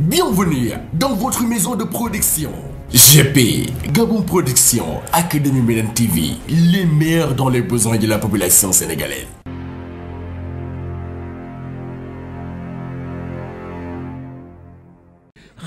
Bienvenue dans votre maison de production. GP, Gabon Production, Académie Médan TV, les dans les besoins de la population sénégalaise.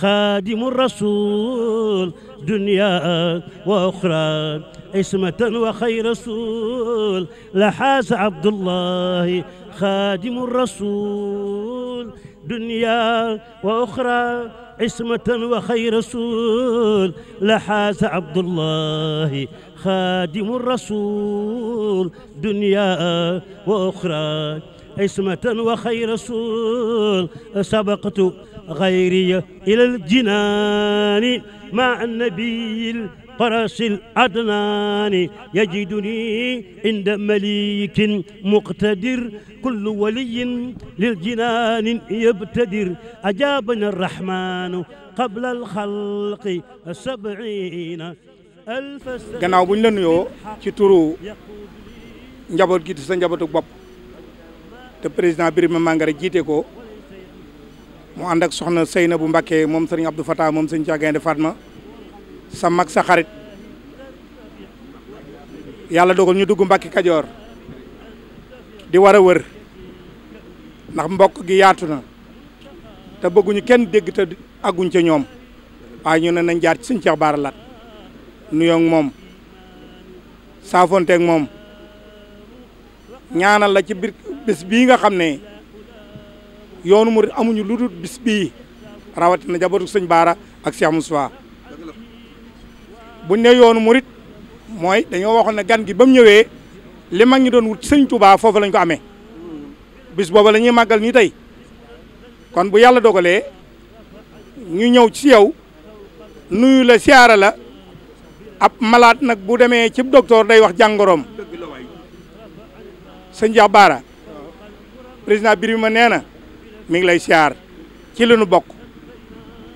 خادم الرسول دنيا وأخرى عصمة وخير رسول لحاس عبد الله خادم الرسول دنيا وأخرى عصمة وخير رسول لحاز عبد الله خادم الرسول دنيا وأخرى عصمة وخير رسول سبقت غيري إلى الجنان مع النبي فرس الأدنان يجدني عند مليك مقتدر كل ولي للجنان يبتدر أجابنا الرحمن قبل الخلق سبعين gannaaw buñ ñu la nuyoo ci turu njaboot gi sa njabootu bopp te président ma Mangara jiite ko mu ànd ak soxna Seyna bu mbakee moom sëriñ Abdou Fatah moom sëriñ Caa Gaynde Fatma sa mag sa xarit yàlla dogal ñu dugg Mbàkke Kajoor di war a wër ndax mbokk gi yaatu na te bëgguñu kenn dégg te agguñ ca ñoom waaye ñu ne nañ jaar ci sëñ Cheikh Bara Lat nuyoo ak moom saafonte moom ñaana la ci biir bis bii nga xam ne yoonu murid amuñu lu dul bis bii rawatina jabootu sëñ Baara ak Cheikh Moussa buñ ne yoonu murit mooy dañoo waxoon ne gan gi ba mu ñëwee li mag ñi doon wut sëñ Touba foofu lañ ko amee bis booba lañuy ñuy màggal nii tey kon bu yàlla dogalee ñu ñëw ci yow nuyu la siyaara la ab malaat nag bu demee ci docteur day wax jàngoroom sëñ Jax Baara président Birima nee na mi ngi lay siyaar ci li nu bokk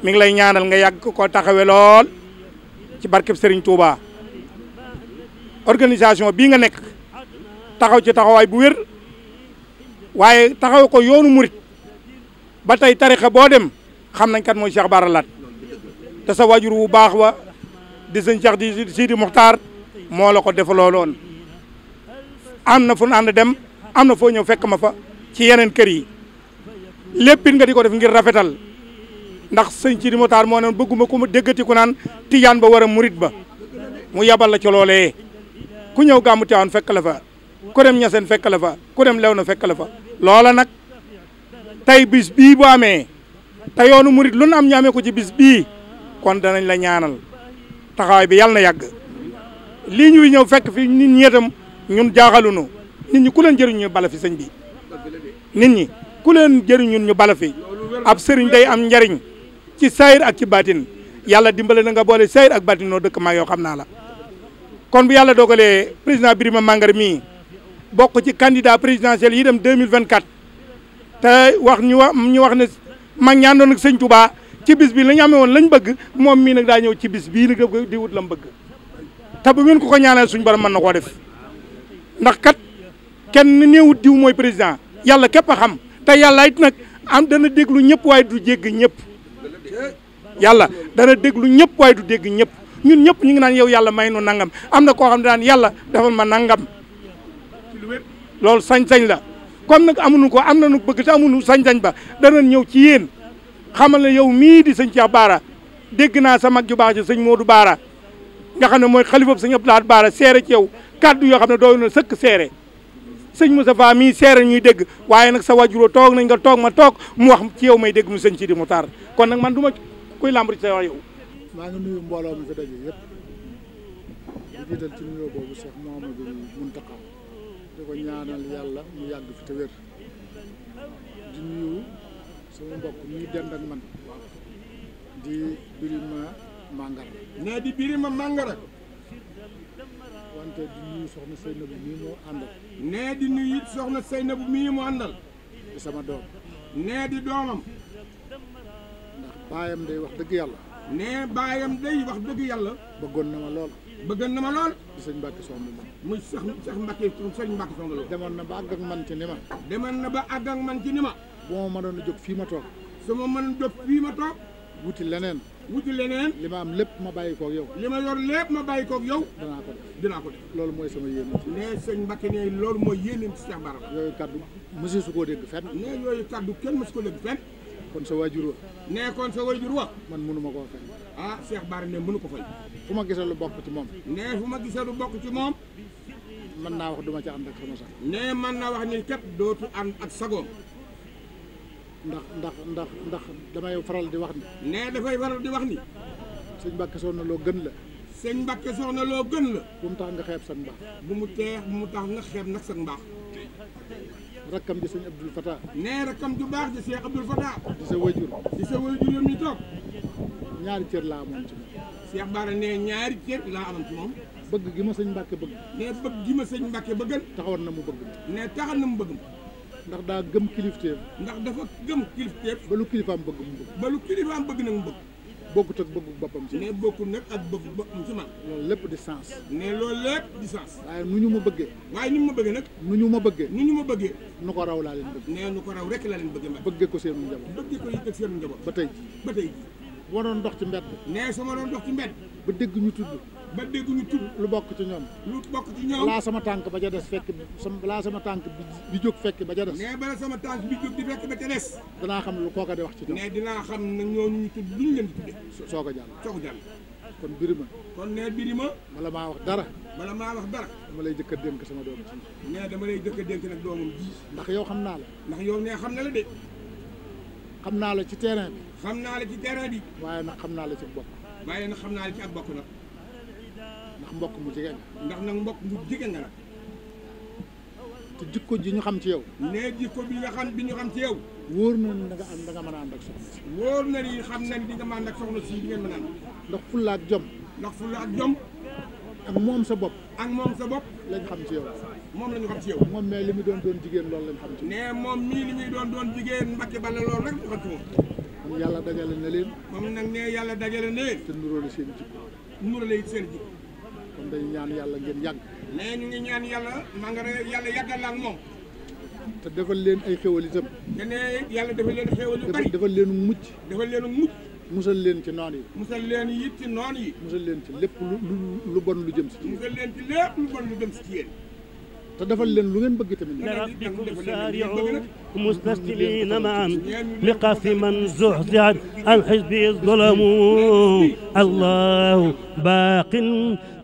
mi ngi lay ñaanal nga yàgg ko taxawe lool ci barkeb Serigne Touba organisation bii nga nekk taxaw ci taxawaay bu wér waaye taxaw ko yoonu murit ba tey tarixa boo dem xam nañ kat mooy Cheikh Bara Laat te sa wajur wu baax wa di sëñ di Sidi Muxtaar moo la ko defalooloon am na fu ànd dem am na foo ñëw fekk ma fa ci yeneen kër yi lépp nga di ko def ngir rafetal ndax sëñ Sidi Motaar moo ne bëgguma ko mu déggati ku naan tijaan ba war a murit ba mu yabal la ci loolee ku ñëw gàmmu Tiwaawan fekk la fa ku dem ñaseen fekk la fa ku dem Léona fekk la fa loola nag tey bis bii bu amee te yoonu murit lu am am amee ko ci bis bii kon danañ la ñaanal taxawaay bi yàlla na yàgg lii ñuy ñëw fekk fi nit ñi itam ñun jaaxalunu nit ñi ku leen jëriñ ñu bala fi nit ñi ku leen jëriñ ñu bala fi ab sëriñ day am njariñ ci saayir ak ci batin yàlla dimbale na nga boole saayir ak baatin noo dëkk maa yoo xam naa la kon bu yàlla dogalee président Birima Mangara mii bokk ci candidat présidentiel yi dem 2024 te wax ñu wax ñu wax ne mag ñaandoon ak sëñ Touba ci bis bi la ñu amee woon lañ bëgg moom mii nag daa ñëw ci bis bii nag di wut lam bëgg te bu ngeen ko ko ñaanal suñ borom mën na koo def kat kenn néewut diw mooy président yàlla képp a xam te yàlla it nag am dana déglu ñëpp waaye du jégg ñëpp yàlla dana déglu ñëpp waaye du dégg ñëpp ñun ñëpp ñu ngi naan yow yàlla may nu nangam am na koo xam ne daan yàlla defal ma nangam loolu sañ-sañ la comme nag amuñu ko am na nañu bëgg te amuñu sañ-sañ ba danañ ñëw ci yéen na ne yow mii di sëñ Cheikh Baara dégg naa sa mag ju baax ji sëñ Baara nga xam ne mooy xalifab sëñ Abdou Lahad Baara seere ci yow kàddu yoo xam ne dooyu na sëkk seere sëñ mu Moustapha mii seere ñuy dégg waaye nag sa wajuroo toog nañ nga toog ma toog mu wax ci yow may dégg mu sëñ si di mu taar kon nag man du ma kuy lamb ci sa wax yow maa ngi nuyu mbooloo mi fi daje yëpp di jiital ci nuyoo boobu Cheikh Mouhamadou Mountakha di ko ñaanal yàlla mu yàgg fi te wér di nuyu sama mbokk ñuy dend ak man di Birima Mangara. nee wante di nuyu soxna Seynabou mii moo àndal. nee di nuyu it soxna Seynabou mii moo àndal. di sama doom. nee di doomam. ndax baayam day wax dëgg yàlla. nee baayam day wax dëgg yàlla. bëggoon na ma lool. bëggoon na ma lool. di sëñ Mbacke Soxna moom. muy sax sax Mbacke sëñ Mbacke Soxna lool. demoon na ba àgg man ci ni ma. demoon na ba àgg man ci ni ma. bu ma mënoon a jóg fii ma toog. su ma mënoon jóg fii ma toog. wuti leneen. wuti leneen. li ma am lépp ma bàyyi koog yow. li ma yor lépp ma bàyyi koog yow. dinaa ko def dinaa ko def. loolu mooy sama yéene. nee sëñ Mbacké ne loolu mooy yéeneem ci Cheikh Bara. yooyu kaddu mësu su ko dégg fenn. nee yooyu kaddu kenn mësu ko dégg fenn. kon sa waajur wa. nee kon sa waajur wa. man mënu ma koo fay. ah Cheikh Bara ne mënu ko fay. fu ma gisee lu bokk ci moom. nee fu ma gisee lu bokk ci moom. mën naa wax duma ci am ak sama sax ne man naa wax ni ke dootu ànd ak sagoom. ndax ndax ndax ndax damay faral di wax ni nee dafay faral di wax ni sëñ Mbàkke na loo gën la sëñ Mbàkke na loo gën la bu mu tax nga xeeb sag mbaax bu mu teex bu mu tax nga xeeb nag sag mbaax rakkam ji sëñ Abdul Fatah nee rakkam ju baax ji Cheikh Abdul Fatah di sa wayjur di sa wayjur yow mi toog ñaari cër laa amoon ci moom Cheikh Bara nee ñaari cër laa amoon ci moom bëgg gi ma sëñ Mbàkke bëgg nee bëgg gi ma sëñ Mbàkke bëggal taxawoon na mu bëgg ne taxal na mu bëgg ma ndax daa gëm kilifteef ndax dafa gëm kilifteef ba lu kilifaam bëgg mu bëgg ba lu kilifaam bëgg nag mu bëgg bokkut ak bëggu boppam ci ne bokkul nag ak bëggu boppam ci man loolu lépp di sens mais loolu lépp di sens waaye nu ñu ma bëggee waaye ni mu ma nag nu ñu ma bëggee nu ñu ma bëggee nu ko raw laa leen bëgg ko raw rek laa leen bëggee ko seenu njaboot bëggee ko yi ak seenu njaboot ba tey ba tey ji bu ma doon dox ci mbedd nee su ma doon dox ci mbedd ba dégg ñu tudd ba dégguñu tudd lu bokk ci ñoom lu bokk ci ñoom laa sama tànk ba ca des fekk sama laa sama tànk bi jóg fekk ba ca des mais sama tànk bi jóg di fekk danaa xam lu kooka di wax ci ñoom mais dinaa xam nag ñooñu ñu tudd lu ñu leen di tudde soo ko jàll soo ko jàll kon birima kon nee birima bala maa wax dara bala maa wax dara dama lay jëkk a sama doom ci nee lay jëkk a nag doomam ji ndax yow xam naa la yow nee xam na la de xam naa la ci terrain bi xam naa la ci terrain bi waaye nag xam naa la ci bokk waaye nag xam naa la ci ak bokk na ndax mbokk mu jege ndax nag mbokk mu jigéen nga nag te jikko ji ñu xam ci yow nee jikko bi nga xam bi ñu xam ci yow wóor na da nga am a ànd na xam nañ di nga mën a ànd ak soxna a ànd ndax fulla ak ndax fulla ak jom ak moom sa bopp ak moom sa bopp lañ xam ci yow moom la ñu xam ci yow moom li mu doon jigéen loolu lañ xam ci ne moom mii li ñuy doon doon jigéen Mbacke Balla loolu rek ñu xam ci moom yàlla na leen moom nag ne yàlla dajale na leen te nuróole seen jikko nuróole seen jikko kon day ñaan yàlla ngeen yàgg nee ñu ngi ñaan yàlla maa nga yàlla yàggal la ak moom te defal leen ay xéwal itam te ne yàlla defal leen xéwal yu bari defal leen mucc defal leen mucc musal leen ci noon yi musal leen it ci noon yi musal leen ci lépp lu lu bon lu jëm si musal leen ci lépp lu bon lu jëm si ci yéen te defal leen lu ngeen bëgg tamit rabbikum saari'u mustaslimina ma'an liqafi man zuhzihat an hizbi zalamu allahu baaqin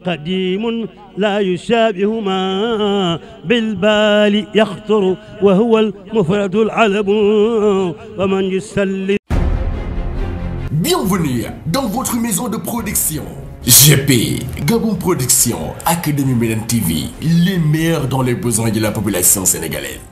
قديم لا يشابه ما بالبال يخطر وهو المفرد العلب ومن يسلم Bienvenue dans votre maison de production. GP, Gabon Production, Académie Médan TV, les meilleurs dans les besoins de la population sénégalaise.